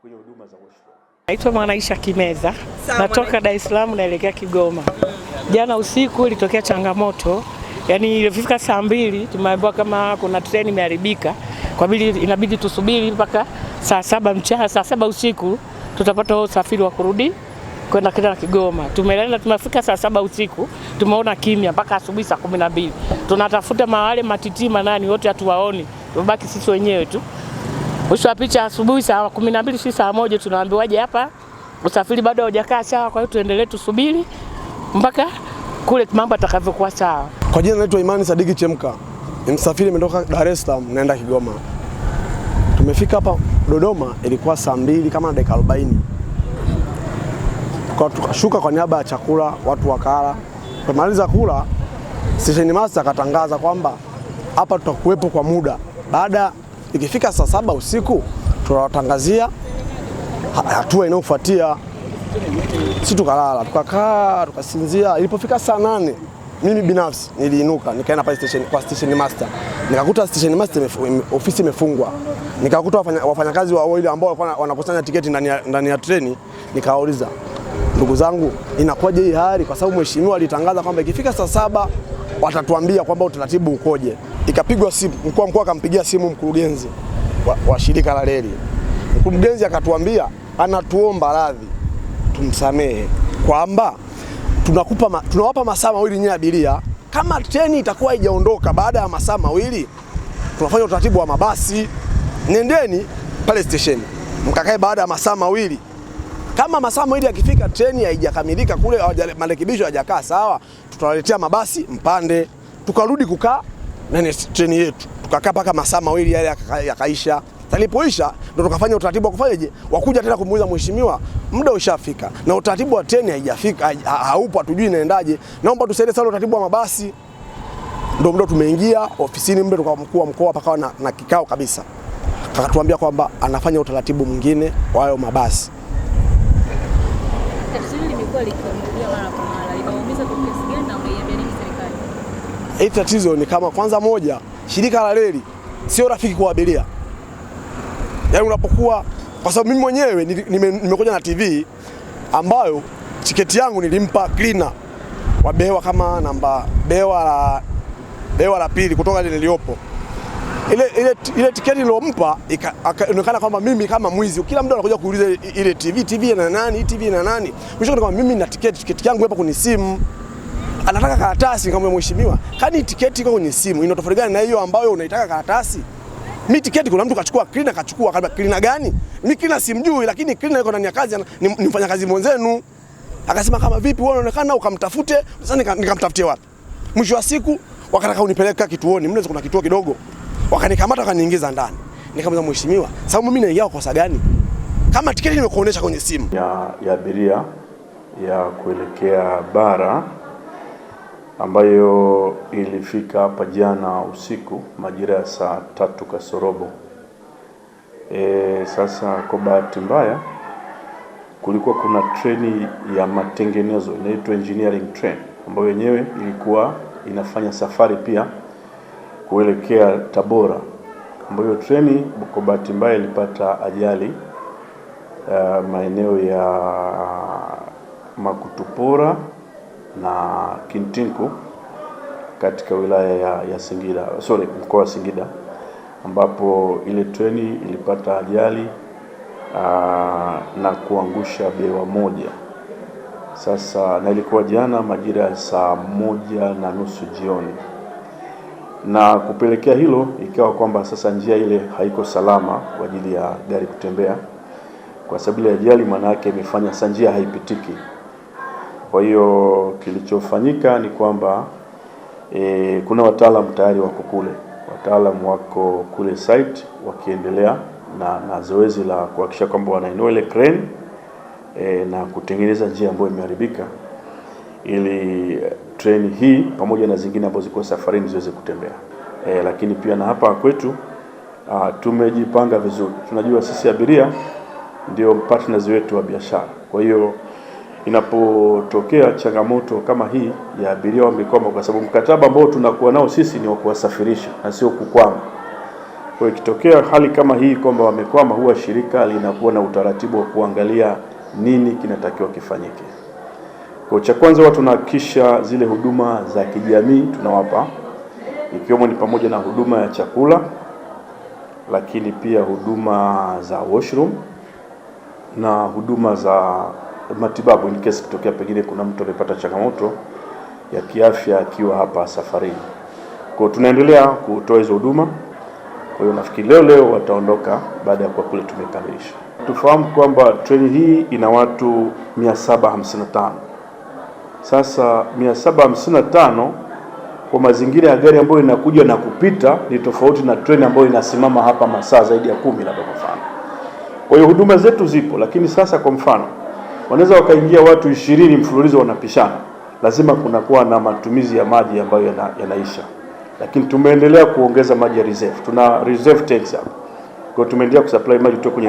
kwenye huduma za Washroom. Naitwa Mwanaisha Kimeza, natoka Dar es Salaam naelekea Kigoma. Jana usiku ilitokea changamoto, yaani ilifika saa mbili tumeambiwa kama kuna treni imeharibika, kwa vile inabidi tusubiri mpaka saa saba mchana, saa saba usiku tutapata usafiri wa kurudi kwenda kila Kigoma. Tumelala tumefika saa saba usiku, tumeona kimya mpaka asubuhi saa kumi na mbili. Tunatafuta mawale matitima nani wote hatuwaoni, tumebaki sisi wenyewe tu. Mwisho wa picha asubuhi saa 12 si saa moja tunaambiwaje hapa usafiri bado haujakaa sawa, kwa hiyo tuendelee tusubiri mpaka kule mambo atakavyokuwa sawa. Kwa jina naitwa Imani Sadiki Chemka, ni msafiri, nimetoka Dar es Salaam naenda Kigoma. Tumefika hapa Dodoma ilikuwa saa mbili kama na dakika 40. Kwa tukashuka kwa niaba ya chakula, watu wakala. Tumaliza kula, station master akatangaza kwamba hapa tutakuwepo kwa muda baada Ikifika saa saba usiku tunawatangazia hatua inayofuatia. Si tukalala tukakaa tukasinzia. Ilipofika saa nane mimi binafsi niliinuka nikaenda pale station, kwa station master nikakuta station master ofisi imefungwa, nikakuta wafanyakazi wafanya oil ambao walikuwa wanakusanya tiketi ndani ya treni. Nikawauliza, ndugu zangu, inakuwaje hii hali? Kwa sababu mheshimiwa alitangaza kwamba ikifika saa saba watatuambia kwamba utaratibu ukoje ikapigwa simu, mkuu wa mkoa akampigia simu mkurugenzi wa, wa shirika la reli. Mkurugenzi akatuambia anatuomba radhi tumsamehe, kwamba tunakupa ma, tunawapa masaa mawili nyinyi abiria, kama treni itakuwa haijaondoka baada ya masaa mawili tunafanya utaratibu wa mabasi, nendeni pale stesheni mkakae baada ya masaa mawili kama masaa mawili yakifika treni haijakamilika kule, marekebisho hayajakaa sawa, tutawaletea mabasi mpande. Tukarudi kukaa nani treni yetu, tukakaa paka masaa mawili yale yakaisha. Talipoisha ndo tukafanya utaratibu wa kufanyaje, wakuja tena kumuuliza mheshimiwa, muda ushafika na utaratibu wa treni haijafika, haupo, hatujui inaendaje, naomba tusaidie sana utaratibu wa mabasi. Ndo mdo tumeingia ofisini mdo, tukawa mkuu wa mkoa pakawa na, na kikao kabisa, akatuambia kwamba anafanya utaratibu mwingine wa hayo mabasi. Tatizo limekuwa mara kwa mara, inaumiza kwa kiasi gani na umeiambia nini? Hili tatizo ni kama kwanza, moja, shirika la reli sio rafiki kwa abiria, yaani unapokuwa, kwa sababu mimi mwenyewe nimekuja na TV ambayo tiketi yangu nilimpa cleaner wa bewa kama namba bewa la bewa la pili kutoka ile niliyopo ile, ile, ile tiketi nilompa ikaonekana kwamba mimi kama mwizi. Kila mtu anakuja kuuliza ile TV, TV na nani, TV na nani. Mwisho kama mimi na tiketi tiketi yangu hapa kuni simu anataka karatasi, nikamwambia mheshimiwa, kani tiketi iko kwenye simu, ina tofauti gani na hiyo ambayo unaitaka karatasi? Mi tiketi, kuna mtu kachukua cleaner, kachukua kabla cleaner gani? Mimi cleaner simjui, lakini cleaner iko ndani ya kazi, ni mfanyakazi mwenzenu. Akasema kama vipi wewe unaonekana, ukamtafute. Sasa nikamtafutie wapi? Mwisho wa siku wakataka unipeleka kituoni, mnaweza kuna kituo kidogo, wakanikamata wakaniingiza ndani. Nikamwambia mheshimiwa, sababu mimi naingia kwa kosa gani kama tiketi nimekuonesha kwenye simu ya abiria ya, ya kuelekea bara ambayo ilifika hapa jana usiku majira ya saa tatu kasorobo. E, sasa kwa bahati mbaya kulikuwa kuna treni ya matengenezo inaitwa engineering train ambayo yenyewe ilikuwa inafanya safari pia kuelekea Tabora, ambayo treni kwa bahati mbaya ilipata ajali uh, maeneo ya Makutupora na Kintinku katika wilaya ya, ya Singida sorry, mkoa wa Singida ambapo ile treni ilipata ajali aa, na kuangusha bewa moja. Sasa na ilikuwa jana majira ya saa moja na nusu jioni, na kupelekea hilo ikawa kwamba sasa njia ile haiko salama kwa ajili ya gari kutembea, kwa sababu ya ajali maana yake imefanya sasa njia haipitiki. Kwa hiyo kilichofanyika ni kwamba e, kuna wataalamu tayari wako kule, wataalamu wako kule site wakiendelea na, na zoezi la kuhakikisha kwamba wanainua ile crane e, na kutengeneza njia ambayo imeharibika ili e, treni hii pamoja na zingine ambazo zilikuwa safarini ziweze kutembea. E, lakini pia na hapa kwetu a, tumejipanga vizuri. Tunajua sisi abiria ndio partners wetu wa biashara, kwa hiyo inapotokea changamoto kama hii ya abiria wamekwama, kwa sababu mkataba ambao tunakuwa nao sisi ni wa kuwasafirisha na sio kukwama. Kwa hiyo ikitokea hali kama hii kwamba wamekwama, huwa shirika linakuwa na utaratibu wa kuangalia nini kinatakiwa kifanyike. Kwa cha kwanza, huwa tunahakikisha zile huduma za kijamii tunawapa, ikiwemo ni pamoja na huduma ya chakula, lakini pia huduma za washroom na huduma za matibabu in case kitokea pengine kuna mtu amepata changamoto ya kiafya akiwa hapa safarini. Kwa tunaendelea kutoa hizo huduma. Kwa hiyo nafikiri leo leo wataondoka baada ya kwa kule tumekamilisha. Tufahamu kwamba treni hii ina watu 755. Sasa 755 kwa mazingira ya gari ambayo inakuja na kupita ni tofauti na treni ambayo inasimama hapa masaa zaidi ya kumi, labda kwa mfano. Kwa hiyo huduma zetu zipo, lakini sasa kwa mfano wanaweza wakaingia watu ishirini mfululizo wanapishana, lazima kunakuwa na matumizi ya maji ambayo ya yanaisha, lakini tumeendelea kuongeza maji ya reserve. Tuna reserve tanks hapa, kwa tumeendelea kusupply maji kutoka kwenye